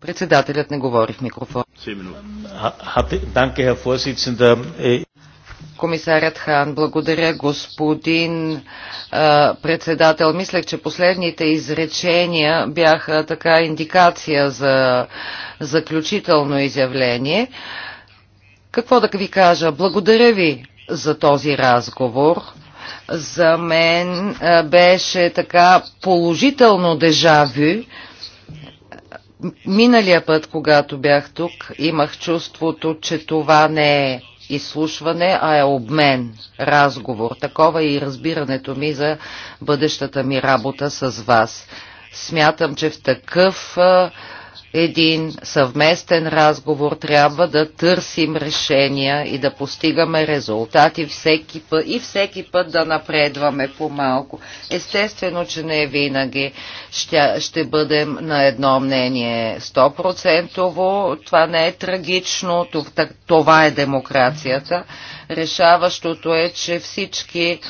Председателят не говори в микрофон. Е- Комисарят Хан, благодаря господин а, председател. Мислех, че последните изречения бяха така индикация за заключително изявление. Какво да ви кажа? Благодаря ви за този разговор. За мен а, беше така положително дежавю Миналия път, когато бях тук, имах чувството, че това не е изслушване, а е обмен, разговор. Такова е и разбирането ми за бъдещата ми работа с вас. Смятам, че в такъв един съвместен разговор, трябва да търсим решения и да постигаме резултати всеки път и всеки път да напредваме по-малко. Естествено, че не винаги ще, ще бъдем на едно мнение 100%. Това не е трагично, това е демокрацията. Решаващото е, че всички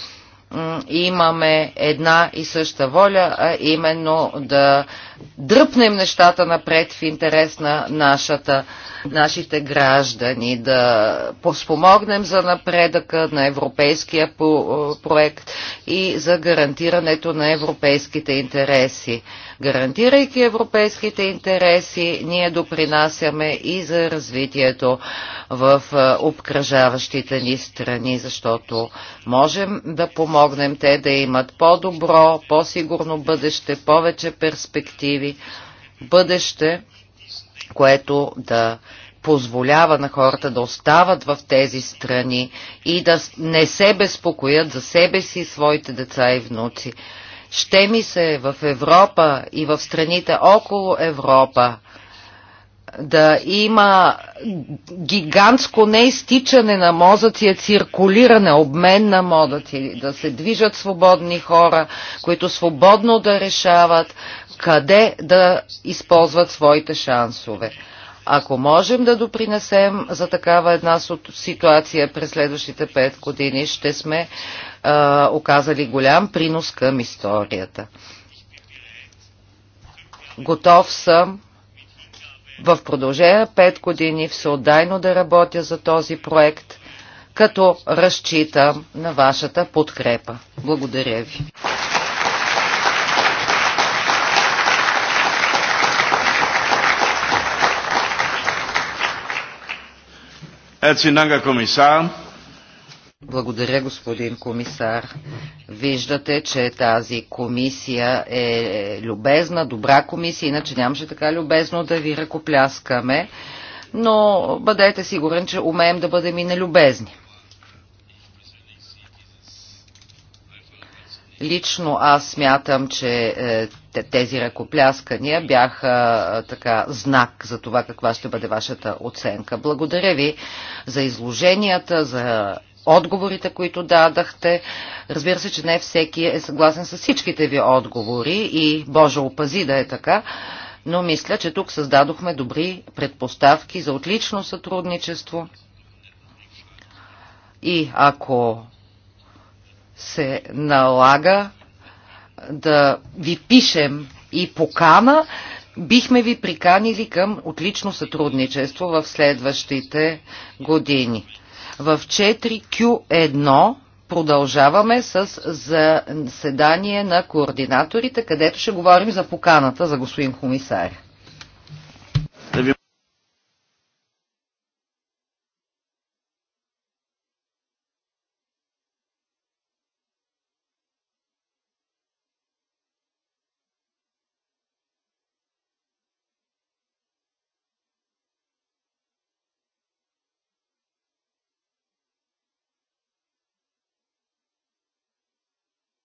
имаме една и съща воля, а именно да дръпнем нещата напред в интерес на нашата, нашите граждани, да спомогнем за напредъка на европейския проект и за гарантирането на европейските интереси. Гарантирайки европейските интереси, ние допринасяме и за развитието в обкръжаващите ни страни, защото можем да помогнем помогнем те да имат по-добро, по-сигурно бъдеще, повече перспективи, бъдеще, което да позволява на хората да остават в тези страни и да не се безпокоят за себе си, своите деца и внуци. Ще ми се в Европа и в страните около Европа да има гигантско неизтичане на мозъци, циркулиране, обмен на мозъци, да се движат свободни хора, които свободно да решават къде да използват своите шансове. Ако можем да допринесем за такава една ситуация през следващите пет години, ще сме а, оказали голям принос към историята. Готов съм в продължение 5 години всеотдайно да работя за този проект, като разчитам на вашата подкрепа. Благодаря ви. Herzlichen Dank, Herr Kommissar. Благодаря, господин комисар. Виждате, че тази комисия е любезна, добра комисия, иначе нямаше така любезно да ви ръкопляскаме, но бъдете сигурен, че умеем да бъдем и нелюбезни. Лично аз смятам, че е, тези ръкопляскания бяха е, така знак за това каква ще бъде вашата оценка. Благодаря ви за изложенията, за отговорите, които дадахте. Разбира се, че не всеки е съгласен с всичките ви отговори и Боже опази да е така, но мисля, че тук създадохме добри предпоставки за отлично сътрудничество. И ако се налага да ви пишем и покана, бихме ви приканили към отлично сътрудничество в следващите години. В 4Q1 продължаваме с заседание на координаторите, където ще говорим за поканата за господин комисаря.